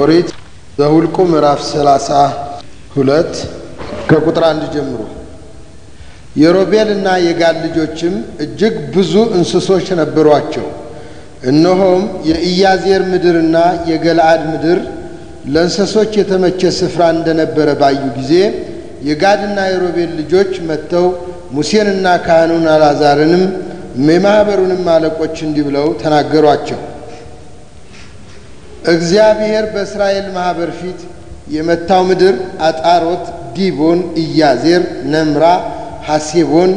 ኦሪት ዘኍልቍ ምዕራፍ ሰላሳ ሁለት ከቁጥር አንድ ጀምሮ የሮቤልና የጋድ ልጆችም እጅግ ብዙ እንስሶች ነበሯቸው። እነሆም የኢያዜር ምድርና የገልአድ ምድር ለእንስሶች የተመቸ ስፍራ እንደነበረ ባዩ ጊዜ የጋድና የሮቤል ልጆች መጥተው ሙሴንና ካህኑን አልዓዛርንም የማኅበሩንም አለቆች እንዲህ ብለው ተናገሯቸው። እግዚአብሔር በእስራኤል ማህበር ፊት የመታው ምድር አጣሮት፣ ዲቦን፣ ኢያዜር፣ ነምራ፣ ሐሴቦን፣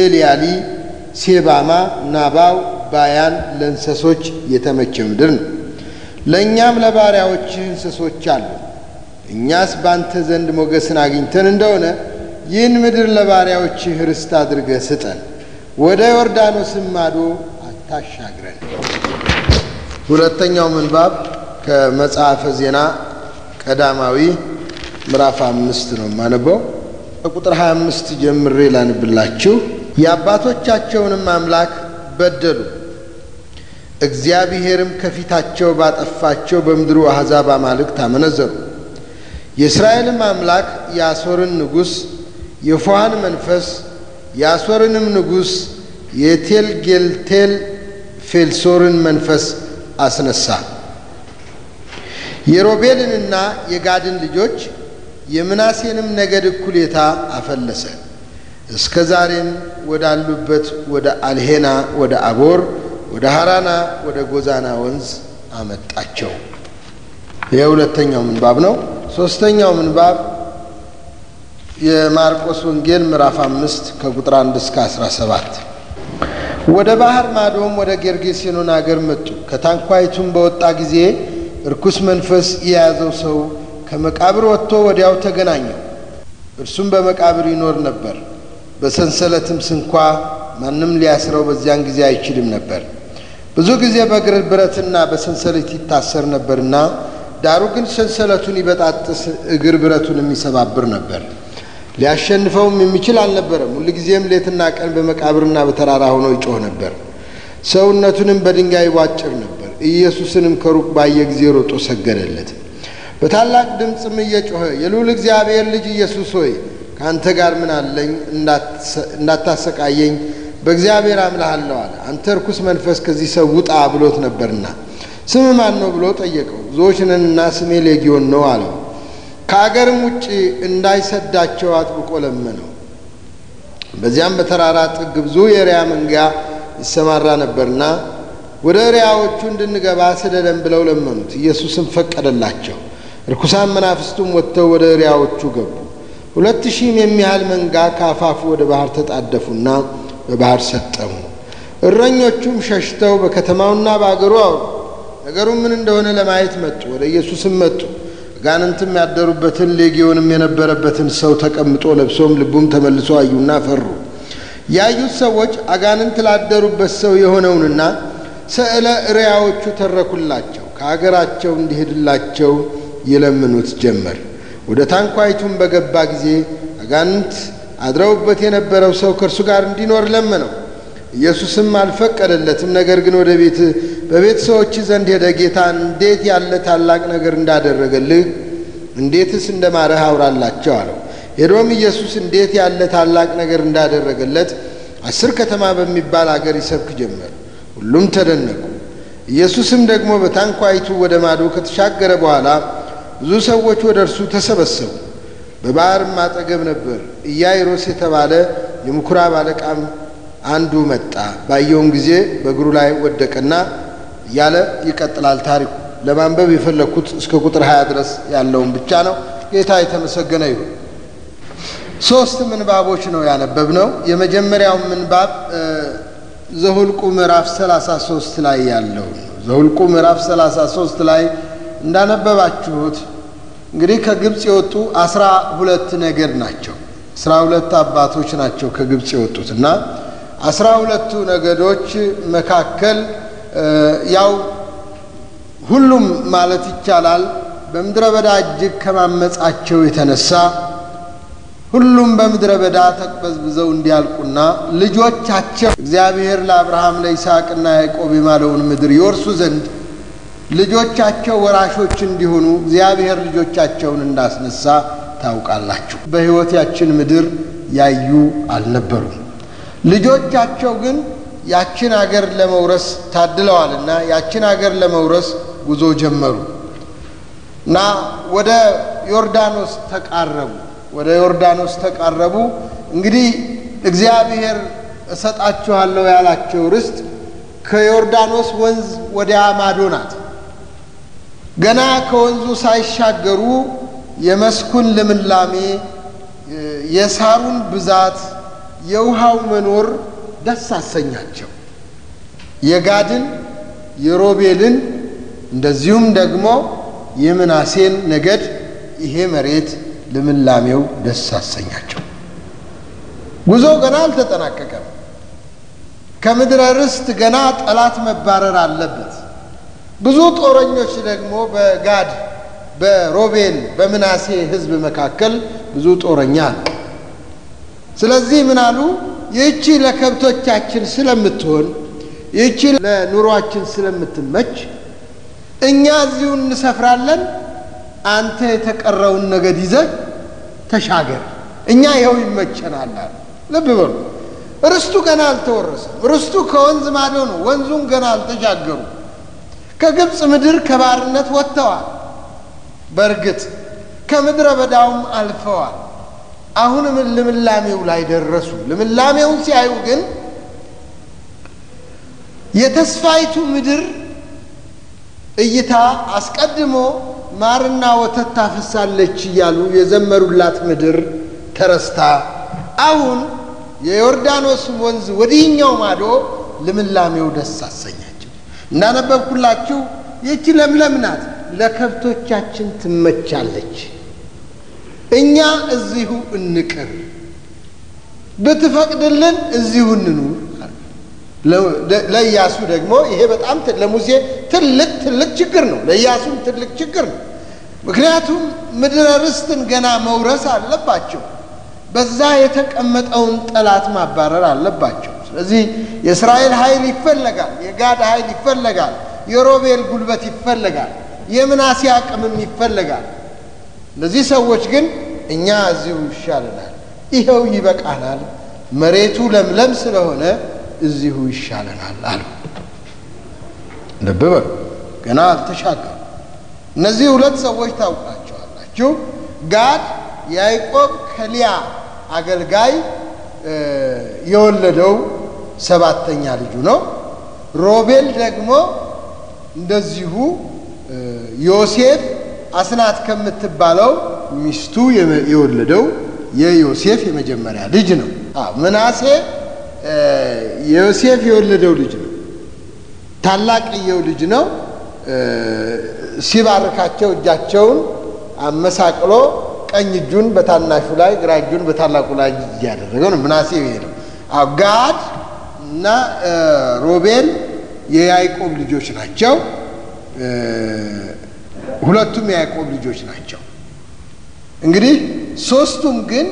ኤልያሊ፣ ሴባማ፣ ናባው፣ ባያን ለእንሰሶች የተመቸ ምድር ነው። ለእኛም ለባሪያዎች እንስሶች አሉ። እኛስ ባንተ ዘንድ ሞገስን አግኝተን እንደሆነ ይህን ምድር ለባሪያዎች ርስት አድርገህ ስጠን፣ ወደ ዮርዳኖስም ማዶ አታሻግረን። ሁለተኛው ምንባብ ከመጽሐፈ ዜና ቀዳማዊ ምዕራፍ አምስት ነው የማነበው። ቁጥር 25 ጀምሬ ላንብላችሁ። የአባቶቻቸውንም አምላክ በደሉ፣ እግዚአብሔርም ከፊታቸው ባጠፋቸው በምድሩ አሕዛብ አማልክት አመነዘሩ። የእስራኤልም አምላክ የአሦርን ንጉሥ የፏሃን መንፈስ የአሦርንም ንጉሥ የቴልጌልቴል ፌልሶርን መንፈስ አስነሳ። የሮቤልንና የጋድን ልጆች የምናሴንም ነገድ እኩሌታ አፈለሰ። እስከ ዛሬም ወዳሉበት ወደ አልሄና፣ ወደ አቦር፣ ወደ ሀራና፣ ወደ ጎዛና ወንዝ አመጣቸው። የሁለተኛው ምንባብ ነው። ሶስተኛው ምንባብ የማርቆስ ወንጌል ምዕራፍ አምስት ከቁጥር አንድ እስከ አስራ ሰባት ወደ ባህር ማዶም ወደ ጌርጌሴኖን አገር መጡ። ከታንኳይቱም በወጣ ጊዜ እርኩስ መንፈስ የያዘው ሰው ከመቃብር ወጥቶ ወዲያው ተገናኘው። እርሱም በመቃብር ይኖር ነበር፣ በሰንሰለትም ስንኳ ማንም ሊያስረው በዚያን ጊዜ አይችልም ነበር። ብዙ ጊዜ በእግር ብረትና በሰንሰለት ይታሰር ነበርና፣ ዳሩ ግን ሰንሰለቱን ይበጣጥስ፣ እግር ብረቱንም ይሰባብር ነበር። ሊያሸንፈውም የሚችል አልነበረም። ሁልጊዜም ሌትና ቀን በመቃብርና በተራራ ሆኖ ይጮህ ነበር። ሰውነቱንም በድንጋይ ይቧጭር ነበር። ኢየሱስንም ከሩቅ ባየ ጊዜ ሮጦ ሰገደለት። በታላቅ ድምፅም እየጮኸ የልዑል እግዚአብሔር ልጅ ኢየሱስ ሆይ ከአንተ ጋር ምን አለኝ? እንዳታሰቃየኝ በእግዚአብሔር አምልሃለሁ አለ። አንተ ርኩስ መንፈስ ከዚህ ሰው ውጣ ብሎት ነበርና። ስም ማን ነው ብሎ ጠየቀው። ብዙዎች ነንና ስሜ ሌጊዮን ነው አለው ከአገርም ውጭ እንዳይሰዳቸው አጥብቆ ለመነው። በዚያም በተራራ ጥግ ብዙ የሪያ መንጋ ይሰማራ ነበርና ወደ ሪያዎቹ እንድንገባ ስደደን ብለው ለመኑት። ኢየሱስም ፈቀደላቸው። ርኩሳን መናፍስቱም ወጥተው ወደ ሪያዎቹ ገቡ። ሁለት ሺህም የሚያህል መንጋ ከአፋፉ ወደ ባህር ተጣደፉና በባህር ሰጠሙ። እረኞቹም ሸሽተው በከተማውና በአገሩ አውሩ። ነገሩ ምን እንደሆነ ለማየት መጡ። ወደ ኢየሱስም መጡ። ጋንንትም ያደሩበትን ሌጊዮንም የነበረበትን ሰው ተቀምጦ ለብሶም ልቡም ተመልሶ አዩና ፈሩ። ያዩት ሰዎች አጋንንት ላደሩበት ሰው የሆነውንና ስዕለ ርያዎቹ ተረኩላቸው፣ ከአገራቸው እንዲሄድላቸው ይለምኑት ጀመር። ወደ ታንኳይቱም በገባ ጊዜ አጋንንት አድረውበት የነበረው ሰው ከእርሱ ጋር እንዲኖር ለመነው። ኢየሱስም አልፈቀደለትም። ነገር ግን ወደ ቤት በቤተሰቦች ዘንድ ሄደ፣ ጌታ እንዴት ያለ ታላቅ ነገር እንዳደረገልህ እንዴትስ ማረህ አውራላቸው አለው። ሄዶም ኢየሱስ እንዴት ያለ ታላቅ ነገር እንዳደረገለት አስር ከተማ በሚባል አገር ይሰብክ ጀመር። ሁሉም ተደነቁ። ኢየሱስም ደግሞ በታንኳይቱ ወደ ማዶ ከተሻገረ በኋላ ብዙ ሰዎች ወደ እርሱ ተሰበሰቡ። በባህርም አጠገብ ነበር። ኢያይሮስ የተባለ የምኩራብ አለቃም አንዱ መጣ። ባየውም ጊዜ በእግሩ ላይ ወደቀና ያለ ይቀጥላል ታሪኩ። ለማንበብ የፈለግኩት እስከ ቁጥር ሀያ ድረስ ያለውን ብቻ ነው። ጌታ የተመሰገነ ይሁን። ሶስት ምንባቦች ነው ያነበብ ነው። የመጀመሪያው ምንባብ ዘሁልቁ ምዕራፍ 33 ላይ ያለው ዘሁልቁ ምዕራፍ 33 ላይ እንዳነበባችሁት እንግዲህ ከግብፅ የወጡ አስራ ሁለት ነገድ ናቸው። አስራ ሁለት አባቶች ናቸው ከግብፅ የወጡት እና አስራ ሁለቱ ነገዶች መካከል ያው ሁሉም ማለት ይቻላል በምድረ በዳ እጅግ ከማመጻቸው የተነሳ ሁሉም በምድረ በዳ ተቅበዝብዘው እንዲያልቁና ልጆቻቸው እግዚአብሔር ለአብርሃም ለይስሐቅና ያዕቆብ የማለውን ምድር ይወርሱ ዘንድ ልጆቻቸው ወራሾች እንዲሆኑ እግዚአብሔር ልጆቻቸውን እንዳስነሳ ታውቃላችሁ። በሕይወት ያችን ምድር ያዩ አልነበሩም። ልጆቻቸው ግን ያችን አገር ለመውረስ ታድለዋልና ያችን አገር ለመውረስ ጉዞ ጀመሩ እና ወደ ዮርዳኖስ ተቃረቡ። ወደ ዮርዳኖስ ተቃረቡ። እንግዲህ እግዚአብሔር እሰጣችኋለሁ ያላቸው ርስት ከዮርዳኖስ ወንዝ ወዲያ ማዶ ናት። ገና ከወንዙ ሳይሻገሩ የመስኩን ልምላሜ፣ የሳሩን ብዛት የውሃው መኖር ደስ አሰኛቸው። የጋድን የሮቤልን እንደዚሁም ደግሞ የምናሴን ነገድ ይሄ መሬት ልምላሜው ደስ አሰኛቸው። ጉዞ ገና አልተጠናቀቀም። ከምድረ ርስት ገና ጠላት መባረር አለበት። ብዙ ጦረኞች ደግሞ በጋድ በሮቤል በምናሴ ህዝብ መካከል ብዙ ጦረኛ አለ። ስለዚህ ምን አሉ? ለከብቶቻችን ስለምትሆን ይቺ ለኑሯችን ስለምትመች እኛ እዚሁ እንሰፍራለን፣ አንተ የተቀረውን ነገድ ይዘህ ተሻገር፣ እኛ ይኸው ይመቸናል አሉ። ልብ በሉ፣ ርስቱ ገና አልተወረሰም። ርስቱ ከወንዝ ማዶ ነው። ወንዙን ገና አልተሻገሩ። ከግብፅ ምድር ከባርነት ወጥተዋል። በእርግጥ ከምድረ በዳውም አልፈዋል። አሁንም ልምላሜው ላይ ደረሱ። ልምላሜውን ሲያዩ ግን የተስፋይቱ ምድር እይታ አስቀድሞ ማርና ወተት ታፈሳለች እያሉ የዘመሩላት ምድር ተረስታ አሁን የዮርዳኖስ ወንዝ ወዲህኛው ማዶ ልምላሜው ደስ አሰኛቸው። እናነበብኩላችሁ ይህቺ ለምለም ናት፣ ለከብቶቻችን ትመቻለች። እኛ እዚሁ እንቅር፣ ብትፈቅድልን እዚሁ እንኑር። ለኢያሱ ደግሞ ይሄ በጣም ለሙሴ ትልቅ ትልቅ ችግር ነው። ለኢያሱም ትልቅ ችግር ነው። ምክንያቱም ምድረ ርስትን ገና መውረስ አለባቸው። በዛ የተቀመጠውን ጠላት ማባረር አለባቸው። ስለዚህ የእስራኤል ኃይል ይፈለጋል፣ የጋድ ኃይል ይፈለጋል፣ የሮቤል ጉልበት ይፈለጋል፣ የምናሴ አቅምም ይፈለጋል። እነዚህ ሰዎች ግን እኛ እዚሁ ይሻለናል፣ ይኸው ይበቃናል፣ መሬቱ ለምለም ስለሆነ እዚሁ ይሻለናል አሉ። ልብ በሉ፣ ገና አልተሻገሩ። እነዚህ ሁለት ሰዎች ታውቃቸዋላችሁ። ጋድ ያዕቆብ ከሊያ አገልጋይ የወለደው ሰባተኛ ልጁ ነው። ሮቤል ደግሞ እንደዚሁ ዮሴፍ አስናት ከምትባለው ሚስቱ የወለደው የዮሴፍ የመጀመሪያ ልጅ ነው። ምናሴ የዮሴፍ የወለደው ልጅ ነው። ታላቅየው ልጅ ነው። ሲባርካቸው እጃቸውን አመሳቅሎ ቀኝ እጁን በታናሹ ላይ ግራ እጁን በታላቁ ላይ እያደረገው ነው። ምናሴ ይሄ ነው። ጋድ እና ሮቤል የያዕቆብ ልጆች ናቸው። ሁለቱም የያዕቆብ ልጆች ናቸው። እንግዲህ ሶስቱም ግን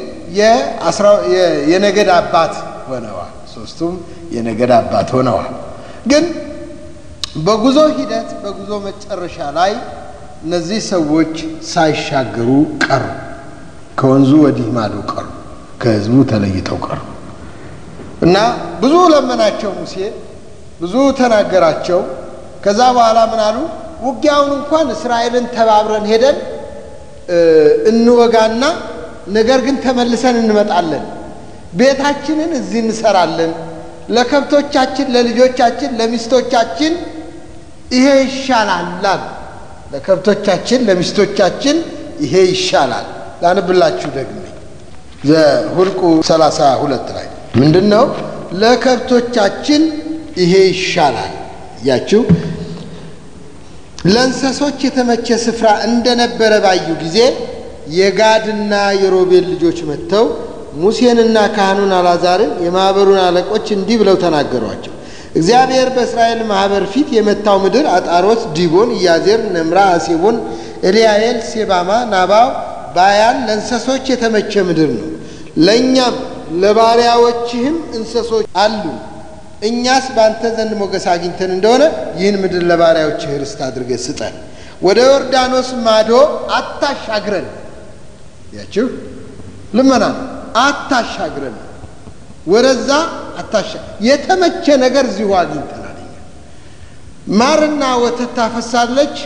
የነገድ አባት ሆነዋል። ሶስቱም የነገድ አባት ሆነዋል። ግን በጉዞ ሂደት በጉዞ መጨረሻ ላይ እነዚህ ሰዎች ሳይሻገሩ ቀሩ። ከወንዙ ወዲህ ማዶ ቀሩ። ከህዝቡ ተለይተው ቀሩ እና ብዙ ለመናቸው ሙሴ፣ ብዙ ተናገራቸው። ከዛ በኋላ ምን አሉ? ውጊያውን እንኳን እስራኤልን ተባብረን ሄደን እንወጋና ነገር ግን ተመልሰን እንመጣለን። ቤታችንን እዚህ እንሰራለን። ለከብቶቻችን፣ ለልጆቻችን፣ ለሚስቶቻችን ይሄ ይሻላላል። ለከብቶቻችን፣ ለሚስቶቻችን ይሄ ይሻላል። ላንብላችሁ ደግሜ ዘሁልቁ 32 ላይ ምንድን ነው? ለከብቶቻችን ይሄ ይሻላል እያችሁ ለእንስሶች የተመቸ ስፍራ እንደነበረ ባዩ ጊዜ የጋድና የሮቤል ልጆች መጥተው ሙሴንና ካህኑን አላዛርን የማኅበሩን አለቆች እንዲህ ብለው ተናገሯቸው። እግዚአብሔር በእስራኤል ማኅበር ፊት የመታው ምድር አጣሮት፣ ዲቦን፣ ኢያዜር፣ ነምራ፣ አሴቦን፣ ኤልያኤል፣ ሴባማ፣ ናባው፣ ባያን ለእንሰሶች የተመቸ ምድር ነው። ለእኛም ለባሪያዎችህም እንሰሶች አሉ። እኛስ በአንተ ዘንድ ሞገስ አግኝተን እንደሆነ ይህን ምድር ለባሪያዎች ርስት አድርገህ ስጠን፣ ወደ ዮርዳኖስ ማዶ አታሻግረን። ያችሁ ልመና ነው። አታሻግረን፣ ወደዛ አታሻ የተመቸ ነገር እዚሁ አግኝተናል። ማርና ወተት ታፈሳለች።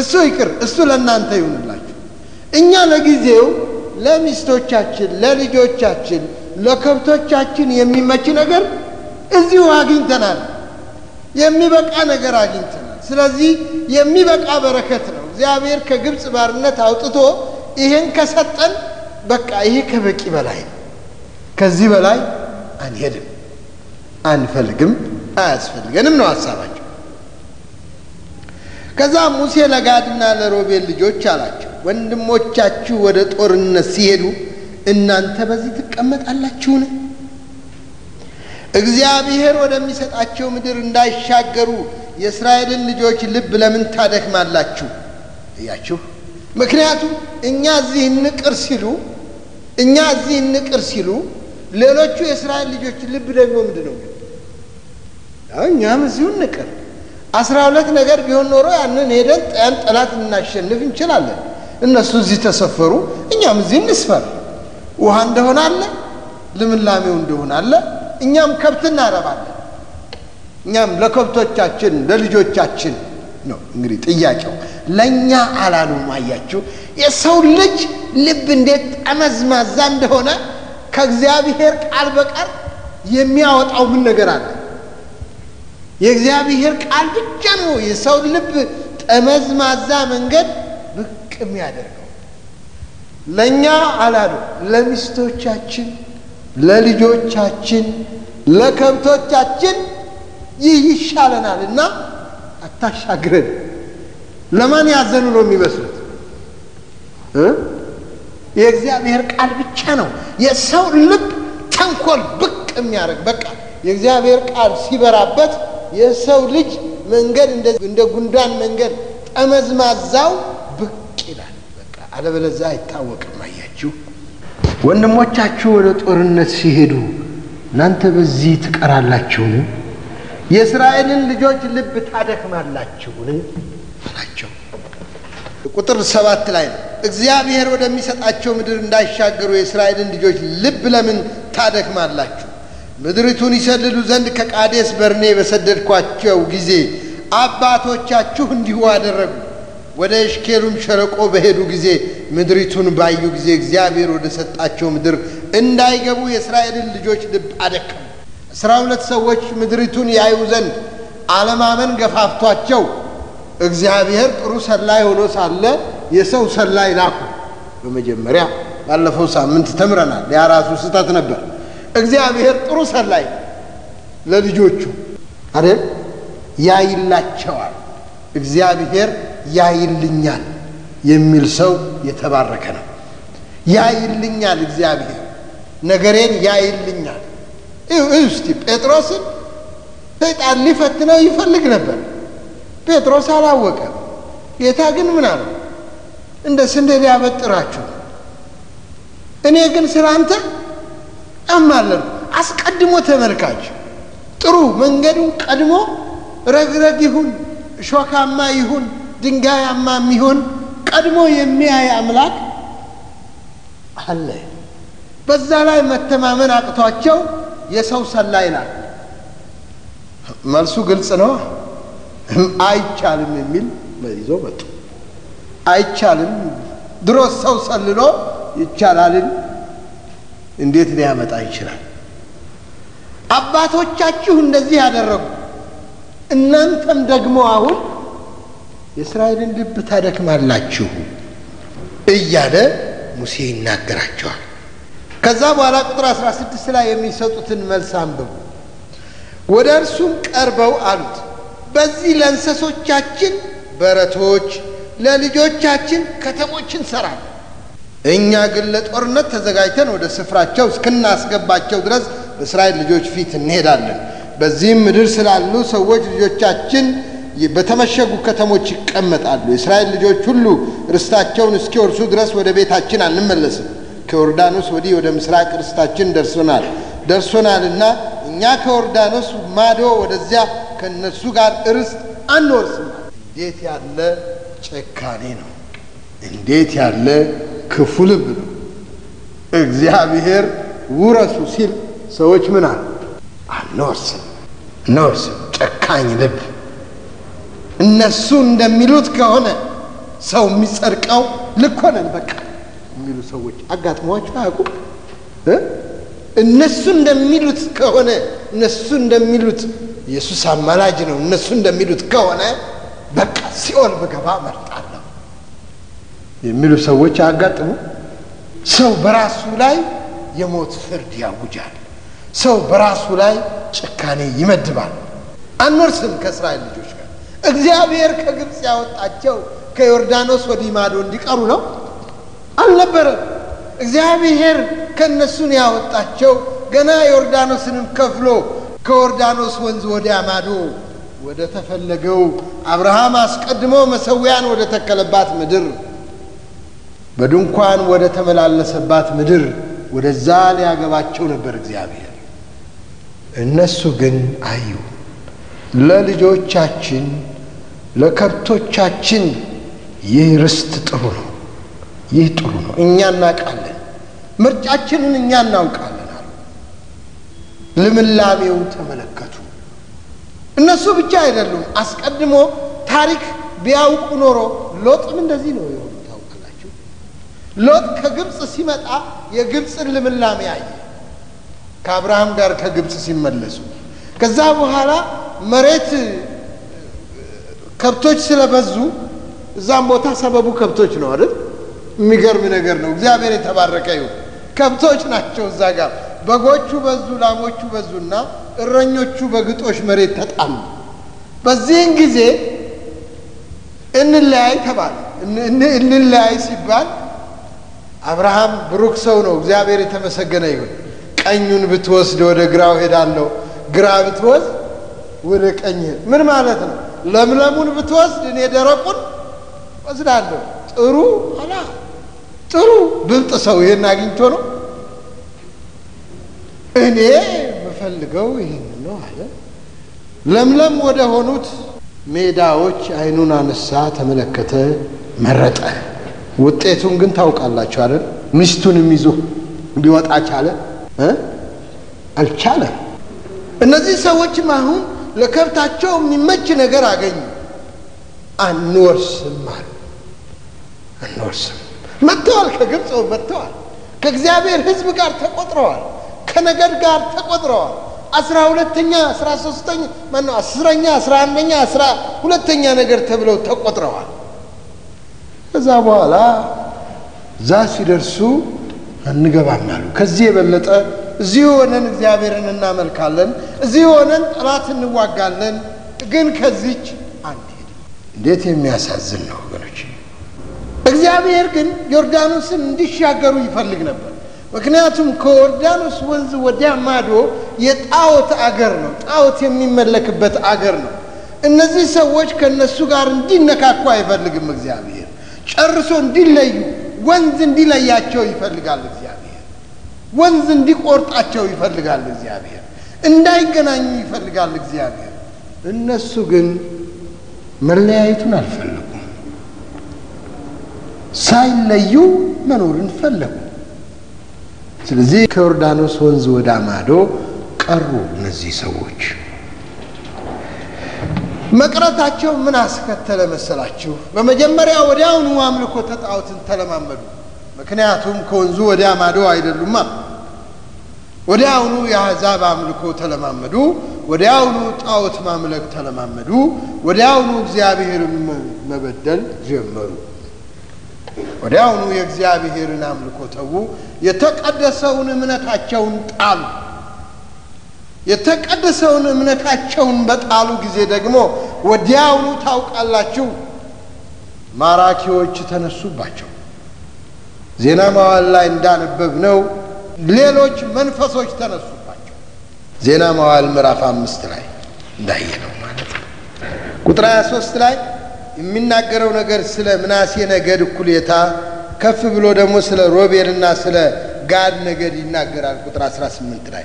እሱ ይቅር፣ እሱ ለእናንተ ይሁንላችሁ። እኛ ለጊዜው ለሚስቶቻችን፣ ለልጆቻችን፣ ለከብቶቻችን የሚመች ነገር እዚሁ አግኝተናል። የሚበቃ ነገር አግኝተናል። ስለዚህ የሚበቃ በረከት ነው። እግዚአብሔር ከግብፅ ባርነት አውጥቶ ይህን ከሰጠን በቃ ይሄ ከበቂ በላይ ነው። ከዚህ በላይ አንሄድም፣ አንፈልግም፣ አያስፈልገንም ነው ሀሳባቸው። ከዛ ሙሴ ለጋድና ለሮቤል ልጆች አላቸው፣ ወንድሞቻችሁ ወደ ጦርነት ሲሄዱ እናንተ በዚህ ትቀመጣላችሁን? እግዚአብሔር ወደሚሰጣቸው ምድር እንዳይሻገሩ የእስራኤልን ልጆች ልብ ለምን ታደክማላችሁ? እያችሁ ምክንያቱም እኛ እዚህ እንቅር ሲሉ እኛ እዚህ እንቅር ሲሉ ሌሎቹ የእስራኤል ልጆች ልብ ደግሞ ምንድን ነው? እኛም እዚሁ እንቅር። አስራ ሁለት ነገር ቢሆን ኖሮ ያንን ሄደን ጠያን ጠላት እናሸንፍ እንችላለን። እነሱ እዚህ ተሰፈሩ፣ እኛም እዚህ እንስፈር። ውሃ እንደሆነ አለ፣ ልምላሜው እንደሆነ አለ እኛም ከብት እናረባለን። እኛም ለከብቶቻችን ለልጆቻችን ነው እንግዲህ ጥያቄው። ለእኛ አላሉም። አያችሁ የሰው ልጅ ልብ እንዴት ጠመዝማዛ እንደሆነ ከእግዚአብሔር ቃል በቀር የሚያወጣው ምን ነገር አለ? የእግዚአብሔር ቃል ብቻ ነው የሰው ልብ ጠመዝማዛ መንገድ ብቅ የሚያደርገው። ለእኛ አላሉ፣ ለሚስቶቻችን ለልጆቻችን፣ ለከብቶቻችን ይህ ይሻለናል እና አታሻግረን። ለማን ያዘኑ ነው የሚመስሉት? የእግዚአብሔር ቃል ብቻ ነው የሰው ልብ ተንኮል ብቅ የሚያደርግ። በቃ የእግዚአብሔር ቃል ሲበራበት የሰው ልጅ መንገድ እንደ ጉንዳን መንገድ ጠመዝማዛው ብቅ ይላል። በቃ አለበለዚያ አይታወቅም። አያችሁ። ወንድሞቻችሁ ወደ ጦርነት ሲሄዱ እናንተ በዚህ ትቀራላችሁን? የእስራኤልን ልጆች ልብ ታደክማላችሁን? አላቸው። ቁጥር ሰባት ላይ ነው እግዚአብሔር ወደሚሰጣቸው ምድር እንዳይሻገሩ የእስራኤልን ልጆች ልብ ለምን ታደክማላችሁ? ምድሪቱን ይሰልሉ ዘንድ ከቃዴስ በርኔ በሰደድኳቸው ጊዜ አባቶቻችሁ እንዲሁ አደረጉ። ወደ እሽኬሉም ሸለቆ በሄዱ ጊዜ ምድሪቱን ባዩ ጊዜ እግዚአብሔር ወደ ሰጣቸው ምድር እንዳይገቡ የእስራኤልን ልጆች ልብ አደከሙ። አስራ ሁለት ሰዎች ምድሪቱን ያዩ ዘንድ አለማመን ገፋፍቷቸው እግዚአብሔር ጥሩ ሰላይ ሆኖ ሳለ የሰው ሰላይ ላኩ። በመጀመሪያ ባለፈው ሳምንት ተምረናል። ያ ራሱ ስህተት ነበር። እግዚአብሔር ጥሩ ሰላይ ለልጆቹ አይደል ያይላቸዋል። እግዚአብሔር ያይልኛል የሚል ሰው የተባረከ ነው። ያይልኛል እግዚአብሔር ነገሬን ያይልኛል። እስቲ ጴጥሮስን ሰይጣን ሊፈትነው ይፈልግ ነበር። ጴጥሮስ አላወቀ። ጌታ ግን ምን አለው? እንደ ስንዴ ሊያበጥራችሁ እኔ ግን ስለ አንተ አማለን አስቀድሞ ተመልካች ጥሩ መንገዱን ቀድሞ ረግረግ ይሁን ሾካማ ይሁን ድንጋያማ የሚሆን ቀድሞ የሚያይ አምላክ አለ። በዛ ላይ መተማመን አቅቷቸው የሰው ሰላይ ናት። መልሱ ግልጽ ነው። አይቻልም የሚል ይዞ መጡ። አይቻልም ድሮ ሰው ሰልሎ ይቻላልን እንዴት ሊያመጣ ይችላል? አባቶቻችሁ እንደዚህ ያደረጉ እናንተም ደግሞ አሁን የእስራኤልን ልብ ታደክማላችሁ እያለ ሙሴ ይናገራቸዋል። ከዛ በኋላ ቁጥር 16 ላይ የሚሰጡትን መልስ አንብቡ። ወደ እርሱም ቀርበው አሉት፣ በዚህ ለእንሰሶቻችን በረቶች፣ ለልጆቻችን ከተሞች እንሰራል። እኛ ግን ለጦርነት ተዘጋጅተን ወደ ስፍራቸው እስክናስገባቸው ድረስ በእስራኤል ልጆች ፊት እንሄዳለን። በዚህም ምድር ስላሉ ሰዎች ልጆቻችን በተመሸጉ ከተሞች ይቀመጣሉ። የእስራኤል ልጆች ሁሉ ርስታቸውን እስኪወርሱ ድረስ ወደ ቤታችን አንመለስም። ከዮርዳኖስ ወዲህ ወደ ምስራቅ ርስታችን ደርሶናል ደርሶናልና እኛ ከዮርዳኖስ ማዶ ወደዚያ ከነሱ ጋር ርስት አንወርስም። እንዴት ያለ ጨካኔ ነው! እንዴት ያለ ክፉ ልብ ነው! እግዚአብሔር ውረሱ ሲል ሰዎች ምን አሉ? አንወርስም፣ እንወርስም። ጨካኝ ልብ እነሱ እንደሚሉት ከሆነ ሰው የሚጸድቀው ልኮነን በቃ የሚሉ ሰዎች አጋጥሟቸው አያውቁም። እነሱ እንደሚሉት ከሆነ እነሱ እንደሚሉት ኢየሱስ አማላጅ ነው፣ እነሱ እንደሚሉት ከሆነ በቃ ሲኦል በገባ መርጣለሁ የሚሉ ሰዎች አጋጥሙ ሰው በራሱ ላይ የሞት ፍርድ ያውጃል። ሰው በራሱ ላይ ጭካኔ ይመድባል። አንወርስም ከእስራኤል ልጆች እግዚአብሔር ከግብፅ ያወጣቸው ከዮርዳኖስ ወዲህ ማዶ እንዲቀሩ ነው አልነበረም። እግዚአብሔር ከእነሱን ያወጣቸው ገና ዮርዳኖስንም ከፍሎ ከዮርዳኖስ ወንዝ ወዲያ ማዶ ወደ ተፈለገው አብርሃም አስቀድሞ መሰዊያን ወደ ተከለባት ምድር በድንኳን ወደ ተመላለሰባት ምድር ወደዛ ሊያገባቸው ነበር እግዚአብሔር። እነሱ ግን አዩ ለልጆቻችን ለከብቶቻችን ይህ ርስት ጥሩ ነው፣ ይህ ጥሩ ነው፣ እኛ እናቃለን ምርጫችንን እኛ እናውቃለን አሉ። ልምላሜውን ተመለከቱ። እነሱ ብቻ አይደሉም። አስቀድሞ ታሪክ ቢያውቁ ኖሮ ሎጥም እንደዚህ ነው የሆኑ ታውቃላችሁ። ሎጥ ከግብፅ ሲመጣ የግብፅን ልምላሜ አየ። ከአብርሃም ጋር ከግብፅ ሲመለሱ ከዛ በኋላ መሬት ከብቶች ስለበዙ እዛም ቦታ ሰበቡ ከብቶች ነው አይደል? የሚገርም ነገር ነው። እግዚአብሔር የተባረቀ ይሁን። ከብቶች ናቸው እዛ ጋር። በጎቹ በዙ፣ ላሞቹ በዙና እረኞቹ በግጦሽ መሬት ተጣሉ። በዚህን ጊዜ እንለያይ ተባለ። እንለያይ ሲባል አብርሃም ብሩክ ሰው ነው። እግዚአብሔር የተመሰገነ ይሁን። ቀኙን ብትወስድ ወደ ግራው ሄዳለሁ፣ ግራ ብትወስድ ወደ ቀኝ ምን ማለት ነው? ለምለሙን ብትወስድ እኔ ደረቁን ወስዳለሁ። ጥሩ አላ ጥሩ ብልጥ ሰው ይሄን አግኝቶ ነው። እኔ የምፈልገው ይህን ነው አለ። ለምለም ወደ ሆኑት ሜዳዎች አይኑን አነሳ፣ ተመለከተ፣ መረጠ። ውጤቱን ግን ታውቃላችሁ አይደል? ሚስቱንም ይዞ ሊወጣ ቻለ? አልቻለም። እነዚህ ሰዎችም አሁን ለከብታቸው የሚመች ነገር አገኙ። አንወርስም አሉ። አንወርስም መጥተዋል። ከግብፅ መጥተዋል። ከእግዚአብሔር ህዝብ ጋር ተቆጥረዋል። ከነገድ ጋር ተቆጥረዋል። አስራ ሁለተኛ አስራ ሶስተኛ ማነው አስረኛ አስራ አንደኛ አስራ ሁለተኛ ነገር ተብለው ተቆጥረዋል። ከዛ በኋላ እዛ ሲደርሱ አንገባም አሉ። ከዚህ የበለጠ እዚህ ሆነን እግዚአብሔርን እናመልካለን። እዚህ ሆነን ጠላት እንዋጋለን። ግን ከዚች አንሄድ። እንዴት የሚያሳዝን ነው ወገኖች! እግዚአብሔር ግን ዮርዳኖስን እንዲሻገሩ ይፈልግ ነበር። ምክንያቱም ከዮርዳኖስ ወንዝ ወዲያ ማዶ የጣዖት አገር ነው፣ ጣዖት የሚመለክበት አገር ነው። እነዚህ ሰዎች ከእነሱ ጋር እንዲነካኩ አይፈልግም እግዚአብሔር። ጨርሶ እንዲለዩ፣ ወንዝ እንዲለያቸው ይፈልጋል እግዚአብሔር። ወንዝ እንዲቆርጣቸው ይፈልጋል እግዚአብሔር። እንዳይገናኙ ይፈልጋል እግዚአብሔር። እነሱ ግን መለያየቱን አልፈለጉም። ሳይለዩ መኖርን ፈለጉ። ስለዚህ ከዮርዳኖስ ወንዝ ወደ አማዶ ቀሩ። እነዚህ ሰዎች መቅረታቸው ምን አስከተለ መሰላችሁ? በመጀመሪያ ወዲያውኑ አምልኮ ጣዖትን ተለማመዱ። ምክንያቱም ከወንዙ ወዲያ ማዶ አይደሉማ። ወዲያውኑ የአሕዛብ አምልኮ ተለማመዱ። ወዲያውኑ ጣዖት ማምለክ ተለማመዱ። ወዲያውኑ እግዚአብሔርን መበደል ጀመሩ። ወዲያውኑ የእግዚአብሔርን አምልኮ ተዉ። የተቀደሰውን እምነታቸውን ጣሉ። የተቀደሰውን እምነታቸውን በጣሉ ጊዜ ደግሞ ወዲያውኑ ታውቃላችሁ ማራኪዎች ተነሱባቸው። ዜና መዋዕል ላይ እንዳነበብ ነው ሌሎች መንፈሶች ተነሱባቸው። ዜና መዋዕል ምዕራፍ አምስት ላይ ነው ማለት ነው። ቁጥር 23 ላይ የሚናገረው ነገር ስለ ምናሴ ነገድ እኩሌታ ከፍ ብሎ ደግሞ ስለ ሮቤልና ስለ ጋድ ነገድ ይናገራል። ቁጥር 18 ላይ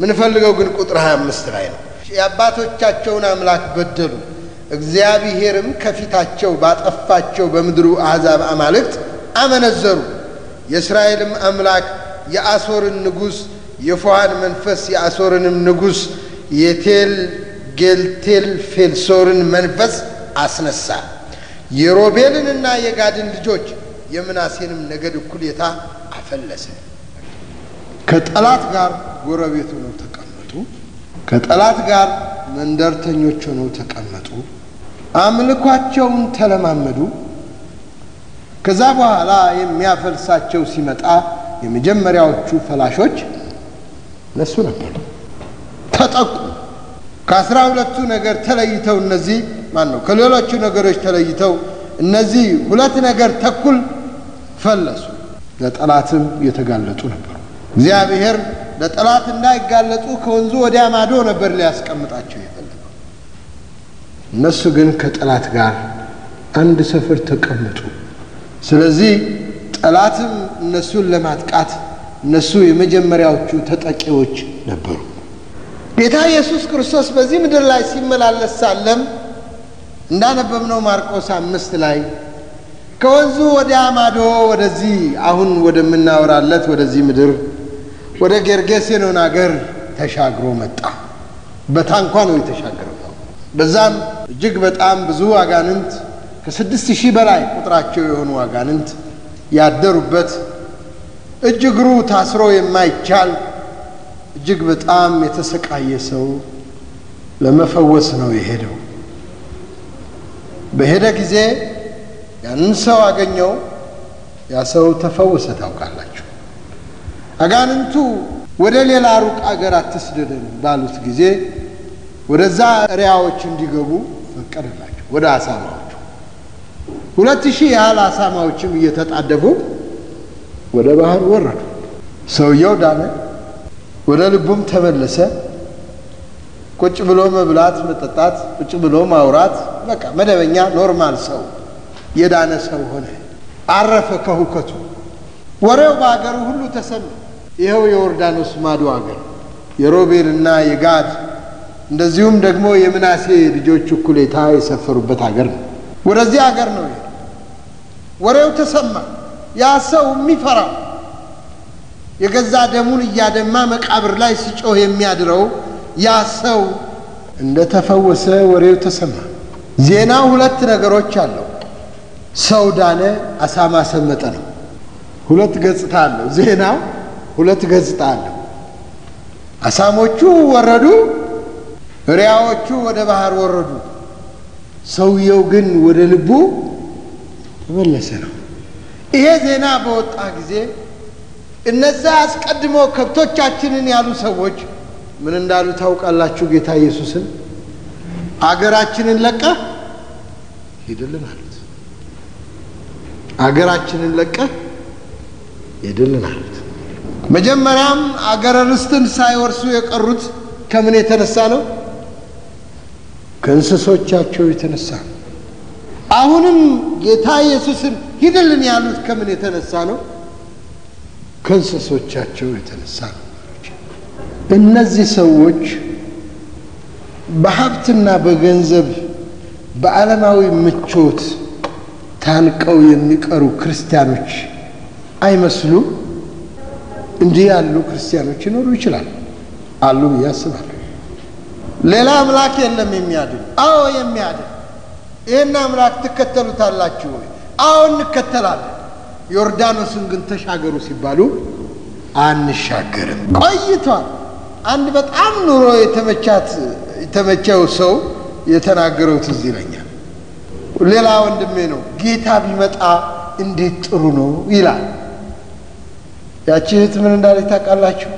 ምንፈልገው ግን ቁጥር 25 ላይ ነው። የአባቶቻቸውን አምላክ በደሉ፣ እግዚአብሔርም ከፊታቸው ባጠፋቸው በምድሩ አሕዛብ አማልክት አመነዘሩ። የእስራኤልም አምላክ የአሶርን ንጉስ የፎሃን መንፈስ የአሶርን ንጉስ የቴል ጌልቴል ፌልሶርን መንፈስ አስነሳ። የሮቤልንና የጋድን ልጆች የምናሴንም ነገድ እኩሌታ አፈለሰ። ከጠላት ጋር ጎረቤት ሆነው ተቀመጡ። ከጠላት ጋር መንደርተኞች ሆነው ተቀመጡ። አምልኳቸውን ተለማመዱ። ከዛ በኋላ የሚያፈልሳቸው ሲመጣ የመጀመሪያዎቹ ፈላሾች እነሱ ነበሩ። ተጠቁ። ከአስራ ሁለቱ ነገር ተለይተው እነዚህ ማን ነው? ከሌሎቹ ነገሮች ተለይተው እነዚህ ሁለት ነገር ተኩል ፈለሱ። ለጠላትም የተጋለጡ ነበሩ። እግዚአብሔር ለጠላት እንዳይጋለጡ ከወንዙ ወዲያ ማዶ ነበር ሊያስቀምጣቸው የፈለገው። እነሱ ግን ከጠላት ጋር አንድ ሰፈር ተቀምጡ ስለዚህ ጠላትም እነሱን ለማጥቃት እነሱ የመጀመሪያዎቹ ተጠቂዎች ነበሩ። ጌታ ኢየሱስ ክርስቶስ በዚህ ምድር ላይ ሲመላለስ ሳለም እንዳነበብነው ማርቆስ አምስት ላይ ከወንዙ ወዲያ ማዶ ወደዚህ አሁን ወደምናወራለት ወደዚህ ምድር ወደ ጌርጌሴኖን አገር ተሻግሮ መጣ። በታንኳ ነው የተሻገረ በዛም እጅግ በጣም ብዙ አጋንንት ከስድስት ሺህ በላይ ቁጥራቸው የሆኑ አጋንንት ያደሩበት እጅ እግሩ ታስሮ የማይቻል እጅግ በጣም የተሰቃየ ሰው ለመፈወስ ነው የሄደው። በሄደ ጊዜ ያንን ሰው አገኘው። ያ ሰው ተፈወሰ። ታውቃላችሁ፣ አጋንንቱ ወደ ሌላ ሩቅ አገር አትስደደን ባሉት ጊዜ ወደዛ ሪያዎች እንዲገቡ ፈቀደላቸው ወደ አሳማው ሁለት ሺህ ያህል አሳማዎችም እየተጣደፉ ወደ ባህር ወረዱ። ሰውየው ዳነ፣ ወደ ልቡም ተመለሰ። ቁጭ ብሎ መብላት፣ መጠጣት፣ ቁጭ ብሎ ማውራት፣ በቃ መደበኛ ኖርማል ሰው የዳነ ሰው ሆነ። አረፈ ከሁከቱ። ወሬው በአገሩ ሁሉ ተሰማ። ይኸው የዮርዳኖስ ማዶ አገር የሮቤልና የጋድ እንደዚሁም ደግሞ የምናሴ ልጆች እኩሌታ የሰፈሩበት አገር ነው። ወደዚህ አገር ነው ወሬው ተሰማ። ያ ሰው የሚፈራው የገዛ ደሙን እያደማ መቃብር ላይ ሲጮህ የሚያድረው ያ ሰው እንደ ተፈወሰ ወሬው ተሰማ። ዜናው ሁለት ነገሮች አለው። ሰው ዳነ፣ አሳማ ሰመጠ ነው። ሁለት ገጽታ አለው። ዜናው ሁለት ገጽታ አለው። አሳሞቹ ወረዱ፣ ሪያዎቹ ወደ ባህር ወረዱ። ሰውየው ግን ወደ ልቡ የተመለሰ ነው። ይሄ ዜና በወጣ ጊዜ እነዛ አስቀድሞ ከብቶቻችንን ያሉ ሰዎች ምን እንዳሉ ታውቃላችሁ? ጌታ ኢየሱስን አገራችንን ለቀህ ሂድልን አሉት። አገራችንን ለቀህ ሂድልን አሉት። መጀመሪያም አገረ ርስትን ሳይወርሱ የቀሩት ከምን የተነሳ ነው? ከእንስሶቻቸው የተነሳ ነው። አሁንም ጌታ ኢየሱስን ሂድልን ያሉት ከምን የተነሳ ነው? ከእንስሶቻቸው የተነሳ ነው። እነዚህ ሰዎች በሀብትና በገንዘብ በዓለማዊ ምቾት ታንቀው የሚቀሩ ክርስቲያኖች አይመስሉም። እንዲህ ያሉ ክርስቲያኖች ይኖሩ ይችላል አሉ ብዬ አስባለሁ። ሌላ አምላክ የለም የሚያድን። አዎ የሚያድን ይህን አምላክ ትከተሉታላችሁ ወይ? አዎ እንከተላለን። ዮርዳኖስን ግን ተሻገሩ ሲባሉ አንሻገርም። ቆይቷል። አንድ በጣም ኑሮ የተመቻት የተመቸው ሰው የተናገረው ትዝ ይለኛል። ሌላ ወንድሜ ነው ጌታ ቢመጣ እንዴት ጥሩ ነው ይላል። ያቺ እህት ምን እንዳለች ታውቃላችሁ?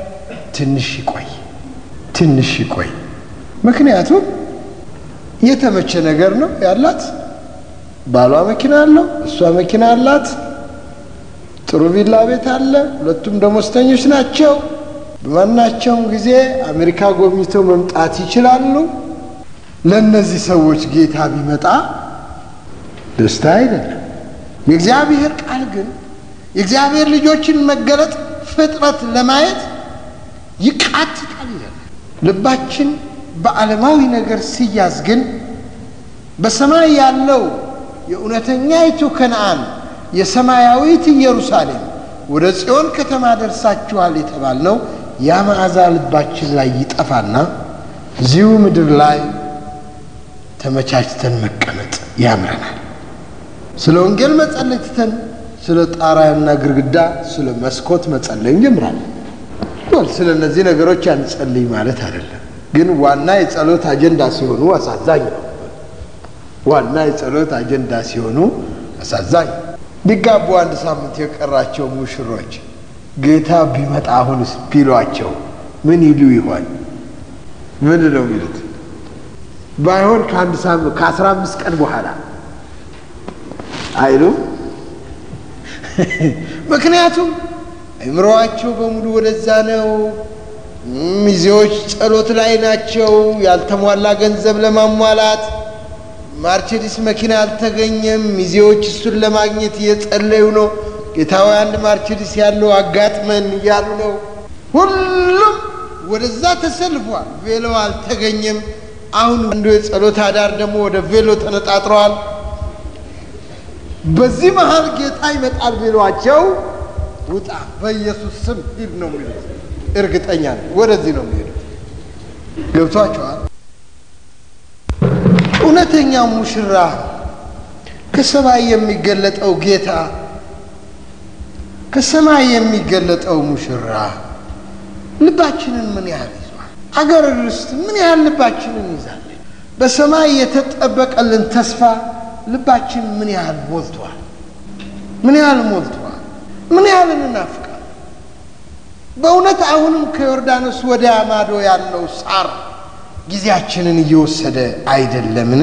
ትንሽ ይቆይ፣ ትንሽ ይቆይ። ምክንያቱም የተመቸ ነገር ነው ያላት። ባሏ መኪና አለው፣ እሷ መኪና አላት፣ ጥሩ ቪላ ቤት አለ። ሁለቱም ደሞዝተኞች ናቸው። በማናቸውም ጊዜ አሜሪካ ጎብኝተው መምጣት ይችላሉ። ለእነዚህ ሰዎች ጌታ ቢመጣ ደስታ አይደለም። የእግዚአብሔር ቃል ግን የእግዚአብሔር ልጆችን መገለጥ ፍጥረት ለማየት ይቃትታል ልባችን በዓለማዊ ነገር ሲያዝ ግን በሰማይ ያለው የእውነተኛይቱ ከነአን የሰማያዊት ኢየሩሳሌም ወደ ጽዮን ከተማ ደርሳችኋል የተባልነው ያ መዓዛ ልባችን ላይ ይጠፋና እዚሁ ምድር ላይ ተመቻችተን መቀመጥ ያምረናል። ስለ ወንጌል መጸለይ ትተን ስለ ጣራያና ግርግዳ ስለ መስኮት መጸለይ እንጀምራለን። ስለ እነዚህ ነገሮች ያንጸልይ ማለት አይደለም። ግን ዋና የጸሎት አጀንዳ ሲሆኑ አሳዛኝ ነው። ዋና የጸሎት አጀንዳ ሲሆኑ አሳዛኝ። ሊጋቡ አንድ ሳምንት የቀራቸው ሙሽሮች ጌታ ቢመጣ አሁንስ ቢሏቸው ምን ይሉ ይሆን? ምን ነው የሚሉት? ባይሆን ከአንድ ሳምንት ከአስራ አምስት ቀን በኋላ አይሉም። ምክንያቱም እምሮአቸው በሙሉ ወደዛ ነው። ሚዜዎች ጸሎት ላይ ናቸው። ያልተሟላ ገንዘብ ለማሟላት ማርቸዲስ መኪና አልተገኘም። ሚዜዎች እሱን ለማግኘት እየጸለዩ ነው። ጌታዊ አንድ ማርቸዲስ ያለው አጋጥመን እያሉ ነው። ሁሉም ወደዛ ተሰልፏል። ቬሎ አልተገኘም። አሁን አንዱ የጸሎት አዳር ደግሞ ወደ ቬሎ ተነጣጥረዋል። በዚህ መሀል ጌታ ይመጣል። ቬሎአቸው ውጣ፣ በኢየሱስ ስም ሂድ ነው የሚሉት እርግጠኛ ነው። ወደዚህ ነው የሚሄዱት። ገብቷቸዋል። እውነተኛ ሙሽራ ከሰማይ የሚገለጠው ጌታ ከሰማይ የሚገለጠው ሙሽራ ልባችንን ምን ያህል ይዟል? አገር ርስት ምን ያህል ልባችንን ይዛለች? በሰማይ የተጠበቀልን ተስፋ ልባችን ምን ያህል ሞልቷል? ምን ያህል ሞልቷል? ምን ያህል እናፍ በእውነት አሁንም ከዮርዳኖስ ወደ አማዶ ያለው ሳር ጊዜያችንን እየወሰደ አይደለምን?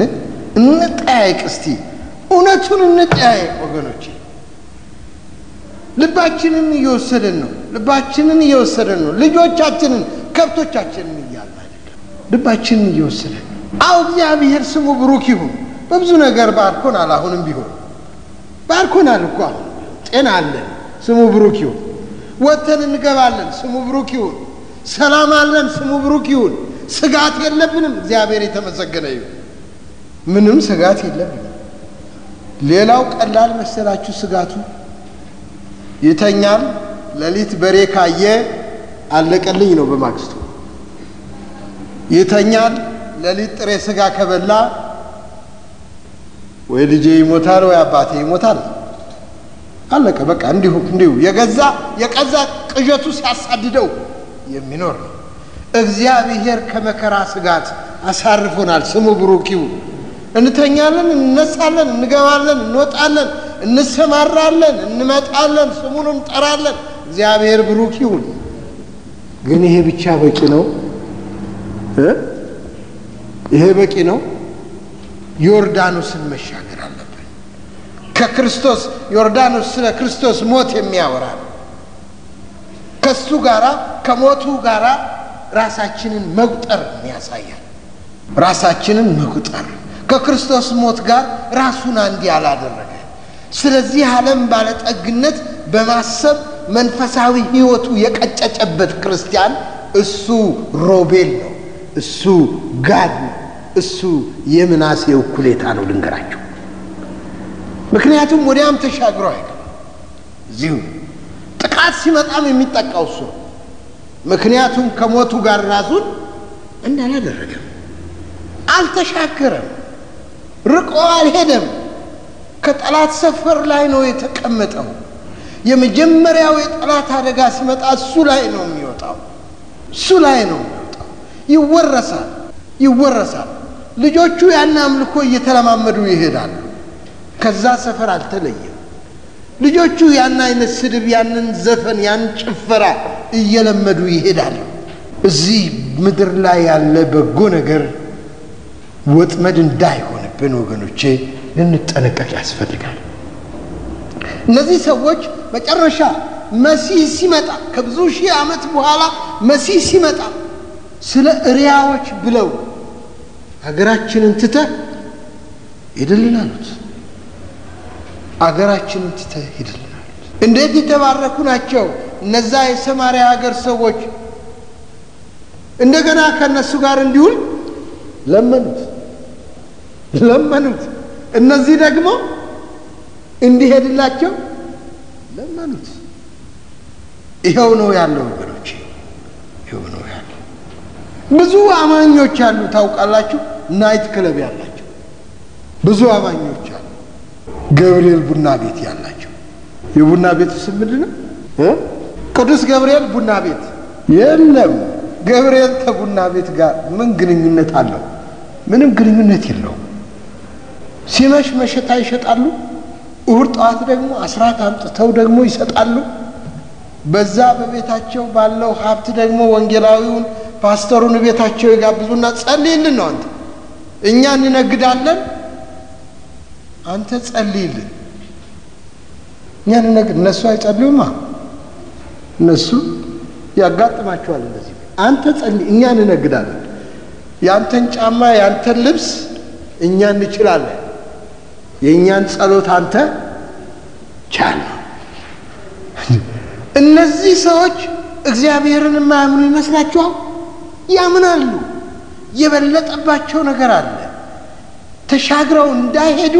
እንጠያይቅ እስቲ፣ እውነቱን እንጠያይቅ ወገኖች ልባችንን እየወሰደን ነው፣ ልባችንን እየወሰደን ነው። ልጆቻችንን፣ ከብቶቻችንን እያልን ልባችንን እየወሰደን አው እግዚአብሔር ስሙ ብሩክ ይሁን። በብዙ ነገር ባርኮናል። አሁንም ቢሆን ባርኮናል እኮ ጤና አለን። ስሙ ብሩክ ይሁን። ወጥተን እንገባለን። ስሙ ብሩክ ይሁን። ሰላም አለን። ስሙ ብሩክ ይሁን። ስጋት የለብንም። እግዚአብሔር የተመሰገነ ይሁን። ምንም ስጋት የለብንም። ሌላው ቀላል መሰላችሁ ስጋቱ? ይተኛል። ሌሊት በሬ ካየ አለቀልኝ ነው በማግስቱ። ይተኛል። ሌሊት ጥሬ ስጋ ከበላ ወይ ልጄ ይሞታል ወይ አባቴ ይሞታል አለቀ በቃ እንዲሁ እንዲሁ የገዛ የቀዛ ቅዠቱ ሲያሳድደው የሚኖር ነው። እግዚአብሔር ከመከራ ስጋት አሳርፎናል። ስሙ ብሩኪው እንተኛለን፣ እንነሳለን፣ እንገባለን፣ እንወጣለን፣ እንሰማራለን፣ እንመጣለን፣ ስሙን እንጠራለን። እግዚአብሔር ብሩክ ይሁን። ግን ይሄ ብቻ በቂ ነው? ይሄ በቂ ነው? ዮርዳኖስን መሻገር ከክርስቶስ ዮርዳኖስ ስለ ክርስቶስ ሞት የሚያወራ ነው። ከሱ ጋራ ከሞቱ ጋራ ራሳችንን መቁጠር ያሳያል። ራሳችንን መቁጠር ከክርስቶስ ሞት ጋር ራሱን አንድ ያላደረገ ስለዚህ ዓለም ባለጠግነት በማሰብ መንፈሳዊ ህይወቱ የቀጨጨበት ክርስቲያን እሱ ሮቤል ነው፣ እሱ ጋድ ነው፣ እሱ የምናሴ እኩሌታ ነው። ልንገራቸው ምክንያቱም ወዲያም ተሻግሮ አይገባም። እዚሁ ጥቃት ሲመጣም የሚጠቃው እሱ ነው። ምክንያቱም ከሞቱ ጋር ራሱን እንዳላደረገም አልተሻገረም፣ ርቆ አልሄደም። ከጠላት ሰፈር ላይ ነው የተቀመጠው። የመጀመሪያው የጠላት አደጋ ሲመጣ እሱ ላይ ነው የሚወጣው፣ እሱ ላይ ነው የሚወጣው። ይወረሳል፣ ይወረሳል። ልጆቹ ያን አምልኮ እየተለማመዱ ይሄዳሉ። ከዛ ሰፈር አልተለየም። ልጆቹ ያን አይነት ስድብ፣ ያንን ዘፈን፣ ያን ጭፈራ እየለመዱ ይሄዳሉ። እዚህ ምድር ላይ ያለ በጎ ነገር ወጥመድ እንዳይሆንብን ወገኖቼ ልንጠነቀቅ ያስፈልጋል። እነዚህ ሰዎች መጨረሻ መሲህ ሲመጣ ከብዙ ሺህ ዓመት በኋላ መሲህ ሲመጣ ስለ እሪያዎች ብለው ሀገራችንን ትተህ ይድልን አሉት። አገራችን ትተህ ሂድልናል። እንዴት የተባረኩ ናቸው እነዛ የሰማሪያ ሀገር ሰዎች። እንደገና ከእነሱ ጋር እንዲውል ለመኑት ለመኑት። እነዚህ ደግሞ እንዲሄድላቸው ለመኑት። ይኸው ነው ያለው ወገኖች፣ ይኸው ነው ያለው። ብዙ አማኞች አሉ ታውቃላችሁ፣ ናይት ክለብ ያላቸው ብዙ አማኞች አሉ። ገብርኤል ቡና ቤት ያላቸው የቡና ቤቱ ስም ምንድን ነው? ቅዱስ ገብርኤል ቡና ቤት የለም። ገብርኤል ከቡና ቤት ጋር ምን ግንኙነት አለው? ምንም ግንኙነት የለውም። ሲመሽ መሸታ ይሸጣሉ። እሑድ ጠዋት ደግሞ አስራት አምጥተው ደግሞ ይሰጣሉ። በዛ በቤታቸው ባለው ሀብት ደግሞ ወንጌላዊውን ፓስተሩን ቤታቸው ይጋብዙና ጸልይልን ነው አንተ እኛ እንነግዳለን አንተ ጸልይልን እኛን ነገር እነሱ አይጸልዩማ እነሱ ያጋጥማቸዋል እንደዚህ አንተ ጸልይ እኛ እንነግዳለን የአንተን ጫማ የአንተን ልብስ እኛ እንችላለን የእኛን ጸሎት አንተ ቻል እነዚህ ሰዎች እግዚአብሔርን የማያምኑ ይመስላችኋል ያምናሉ የበለጠባቸው ነገር አለ ተሻግረው እንዳይሄዱ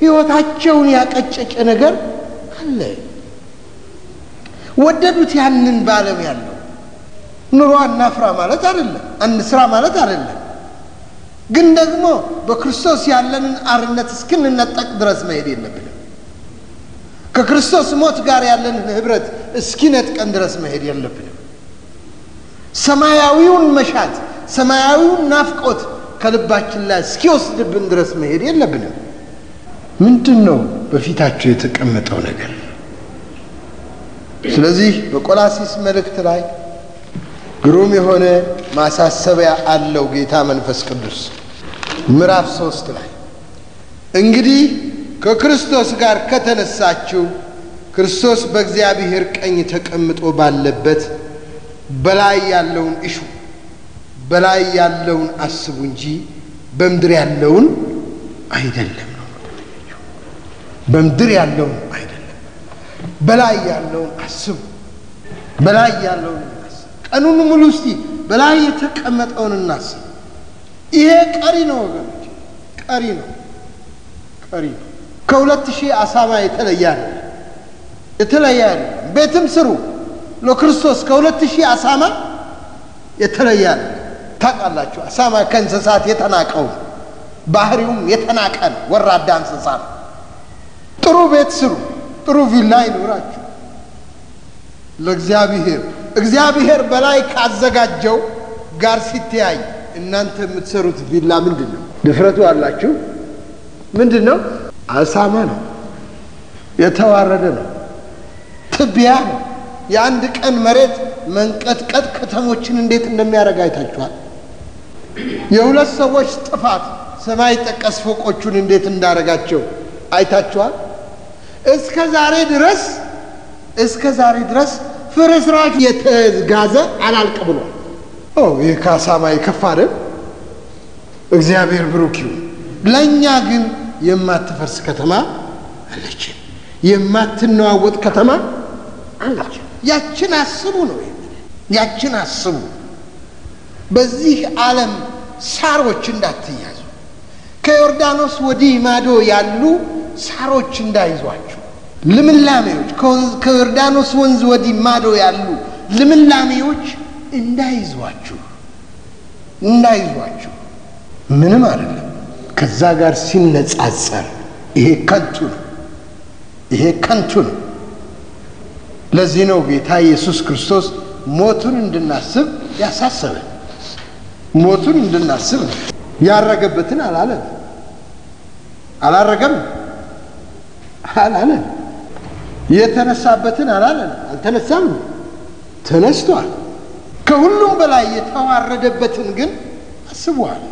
ሕይወታቸውን ያቀጨጨ ነገር አለ። ወደዱት ያንን በዓለም ያለው ኑሮ አናፍራ ማለት አይደለም፣ አንስራ ማለት አይደለም። ግን ደግሞ በክርስቶስ ያለንን አርነት እስክንነጠቅ ድረስ መሄድ የለብንም። ከክርስቶስ ሞት ጋር ያለንን ኅብረት እስኪነጥቀን ድረስ መሄድ የለብንም። ሰማያዊውን መሻት፣ ሰማያዊውን ናፍቆት ከልባችን ላይ እስኪወስድብን ድረስ መሄድ የለብንም። ምንድን ነው በፊታቸው የተቀመጠው ነገር? ስለዚህ በቆላሲስ መልእክት ላይ ግሩም የሆነ ማሳሰቢያ አለው ጌታ መንፈስ ቅዱስ። ምዕራፍ ሶስት ላይ እንግዲህ ከክርስቶስ ጋር ከተነሳችሁ ክርስቶስ በእግዚአብሔር ቀኝ ተቀምጦ ባለበት በላይ ያለውን እሹ በላይ ያለውን አስቡ እንጂ በምድር ያለውን አይደለም። በምድር ያለውን አይደለም በላይ ያለውን አስብ በላይ ያለውን እናስብ ቀኑን ሙሉ እስቲ በላይ የተቀመጠውን እናስብ ይሄ ቀሪ ነው ወገኖች ቀሪ ነው ቀሪ ነው ከሁለት ሺህ አሳማ የተለየ አለ ቤትም ስሩ ለክርስቶስ ከሁለት ሺህ አሳማ የተለየ ታቃላችሁ አሳማ ከእንስሳት የተናቀው ባህሪውም የተናቀን ነው ወራዳ እንስሳ ነው ጥሩ ቤት ስሩ፣ ጥሩ ቪላ ይኖራችሁ ለእግዚአብሔር እግዚአብሔር በላይ ካዘጋጀው ጋር ሲተያይ እናንተ የምትሰሩት ቪላ ምንድን ነው? ድፍረቱ አላችሁ? ምንድን ነው? አሳማ ነው፣ የተዋረደ ነው፣ ትቢያ ነው። የአንድ ቀን መሬት መንቀጥቀጥ ከተሞችን እንዴት እንደሚያደርግ አይታችኋል። የሁለት ሰዎች ጥፋት ሰማይ ጠቀስ ፎቆቹን እንዴት እንዳደረጋቸው አይታችኋል። እስከ ዛሬ ድረስ እስከ ዛሬ ድረስ ፍርስራሽ የተጋዘ አላልቅ ብሏል። ይህ ካሳማ የከፋ እግዚአብሔር ብሩክ ይሁን። ለእኛ ግን የማትፈርስ ከተማ አለች፣ የማትነዋወጥ ከተማ አለች። ያችን አስቡ ነው ያችን አስቡ። በዚህ ዓለም ሳሮች እንዳትያዙ ከዮርዳኖስ ወዲህ ማዶ ያሉ ሳሮች እንዳይዟችሁ ልምላሜዎች ከዮርዳኖስ ወንዝ ወዲህ ማዶ ያሉ ልምላሜዎች እንዳይዟችሁ እንዳይዟችሁ ምንም አይደለም። ከዛ ጋር ሲነጻጸር ይሄ ከንቱ ነው። ይሄ ከንቱ ነው። ለዚህ ነው ጌታ ኢየሱስ ክርስቶስ ሞቱን እንድናስብ ያሳሰበ ሞቱን እንድናስብ ያረገበትን አላለም አላረገም አላለን። የተነሳበትን አላለን። አልተነሳም ተነስቷል። ከሁሉም በላይ የተዋረደበትን ግን አስቧል።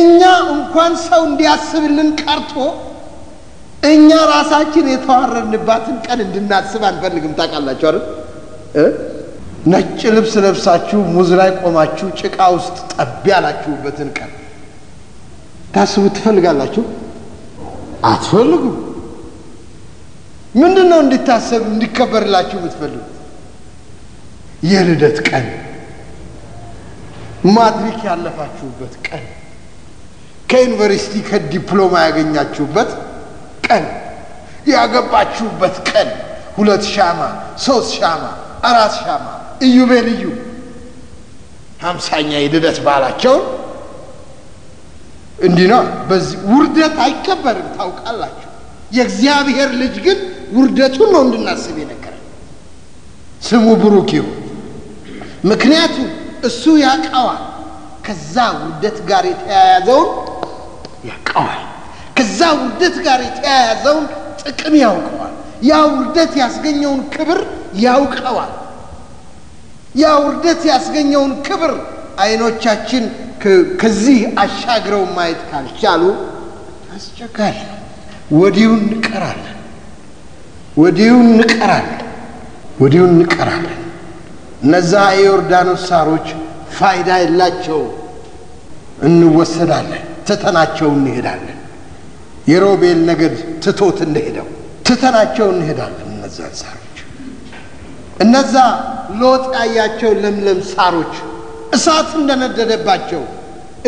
እኛ እንኳን ሰው እንዲያስብልን ቀርቶ እኛ ራሳችን የተዋረድንባትን ቀን እንድናስብ አንፈልግም። ታውቃላችሁ አይደል? ነጭ ልብስ ለብሳችሁ ሙዝ ላይ ቆማችሁ ጭቃ ውስጥ ጠብ ያላችሁበትን ቀን ታስቡ ትፈልጋላችሁ። አትፈልጉም። ምንድን ነው እንዲታሰብ እንዲከበርላችሁ የምትፈልጉት? የልደት ቀን ማትሪክ ያለፋችሁበት ቀን ከዩኒቨርሲቲ ከዲፕሎማ ያገኛችሁበት ቀን ያገባችሁበት ቀን ሁለት ሻማ፣ ሶስት ሻማ፣ አራት ሻማ ኢዩቤልዩ ሀምሳኛ የልደት በዓላቸውን እንዲህ ነው። በዚህ ውርደት አይከበርም ታውቃላችሁ። የእግዚአብሔር ልጅ ግን ውርደቱን ነው እንድናስብ የነገረ ስሙ ብሩክ ይሁን። ምክንያቱም እሱ ያቀዋል። ከዛ ውርደት ጋር የተያያዘውን ያቀዋል። ከዛ ውርደት ጋር የተያያዘውን ጥቅም ያውቀዋል። ያ ውርደት ያስገኘውን ክብር ያውቀዋል። ያ ውርደት ያስገኘውን ክብር አይኖቻችን ከዚህ አሻግረው ማየት ካልቻሉ አስቸጋሪ ወዲሁ እንቀራለን፣ ወዲሁ እንቀራለን፣ ወዲሁ እንቀራለን። እነዛ የዮርዳኖስ ሳሮች ፋይዳ የላቸው፣ እንወሰዳለን፣ ትተናቸው እንሄዳለን። የሮቤል ነገድ ትቶት እንደሄደው ትተናቸው እንሄዳለን። እነዛ ሳሮች እነዛ ሎጥ ያያቸው ለምለም ሳሮች እሳት እንደነደደባቸው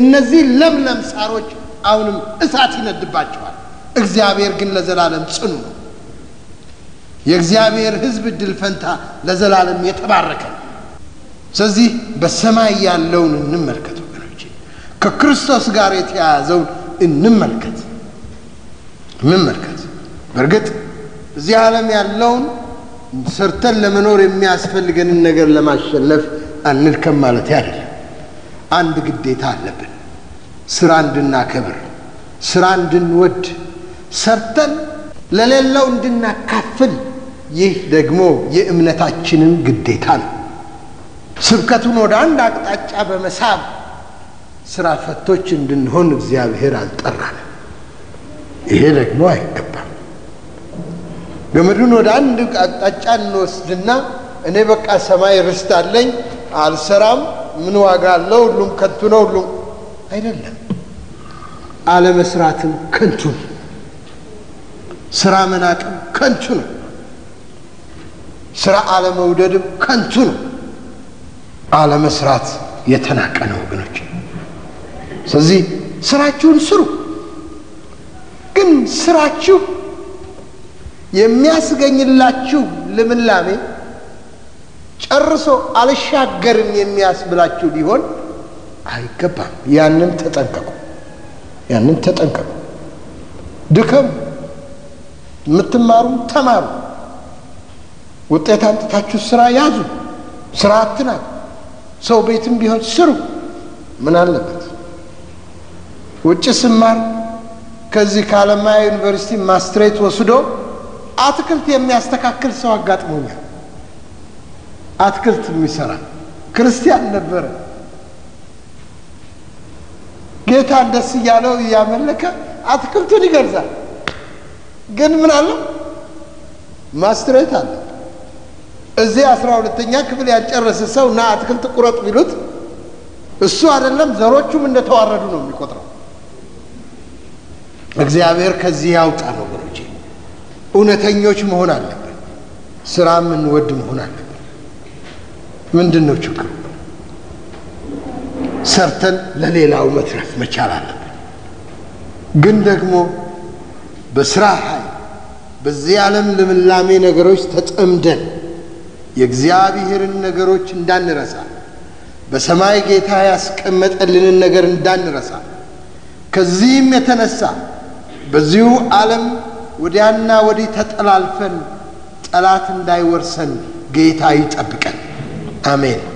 እነዚህ ለምለም ሳሮች አሁንም እሳት ይነድባቸዋል። እግዚአብሔር ግን ለዘላለም ጽኑ ነው። የእግዚአብሔር ህዝብ ድል ፈንታ ለዘላለም የተባረከ ነው። ስለዚህ በሰማይ ያለውን እንመልከት ወገኖች፣ ከክርስቶስ ጋር የተያያዘውን እንመልከት እንመልከት። በእርግጥ እዚህ ዓለም ያለውን ሰርተን ለመኖር የሚያስፈልገንን ነገር ለማሸነፍ አንድከም ማለት አይደለም። አንድ ግዴታ አለብን። ስራ እንድናከብር፣ ስራ እንድንወድ፣ ሰርተን ለሌላው እንድናካፍል። ይህ ደግሞ የእምነታችንን ግዴታ ነው። ስብከቱን ወደ አንድ አቅጣጫ በመሳብ ስራ ፈቶች እንድንሆን እግዚአብሔር አልጠራንም። ይሄ ደግሞ አይገባም። ገመዱን ወደ አንድ አቅጣጫ እንወስድና እኔ በቃ ሰማይ ርስት አለኝ አልሰራም፣ ምን ዋጋ አለ ሁሉም ከንቱ ነው፣ ሁሉም አይደለም። አለመስራትም ከንቱ ስራ መናቅም ከንቱ ነው። ስራ አለመውደድም ከንቱ ነው። አለመስራት የተናቀ ነው ወገኖች። ስለዚህ ስራችሁን ስሩ፣ ግን ስራችሁ የሚያስገኝላችሁ ልምላሜ ጨርሶ አልሻገርም የሚያስብላችሁ ሊሆን አይገባም። ያንን ተጠንቀቁ፣ ያንን ተጠንቀቁ። ድከም የምትማሩም ተማሩ፣ ውጤት አንጥታችሁ ስራ ያዙ። ስራ አትናቅ። ሰው ቤትም ቢሆን ስሩ፣ ምን አለበት? ውጭ ስማር ከዚህ ከአለማያ ዩኒቨርሲቲ ማስትሬት ወስዶ አትክልት የሚያስተካክል ሰው አጋጥሞኛል። አትክልት የሚሰራ ክርስቲያን ነበረ። ጌታን ደስ እያለው እያመለከ አትክልቱን ይገርዛል። ግን ምን አለ ማስትሬት አለ። እዚህ አስራ ሁለተኛ ክፍል ያልጨረሰ ሰው እና አትክልት ቁረጥ ቢሉት እሱ አይደለም ዘሮቹም እንደተዋረዱ ነው የሚቆጥረው። እግዚአብሔር ከዚህ ያውጣ ነው ወገኖቼ። እውነተኞች መሆን አለብን። ስራ የምንወድ መሆን አለብን። ምንድን ነው ችግሩ? ሰርተን ለሌላው መትረፍ መቻል አለብን። ግን ደግሞ በስራ ኃይል በዚህ ዓለም ልምላሜ ነገሮች ተጠምደን የእግዚአብሔርን ነገሮች እንዳንረሳ በሰማይ ጌታ ያስቀመጠልንን ነገር እንዳንረሳ ከዚህም የተነሳ በዚሁ ዓለም ወዲያና ወዲህ ተጠላልፈን ጠላት እንዳይወርሰን ጌታ ይጠብቀን። Amen.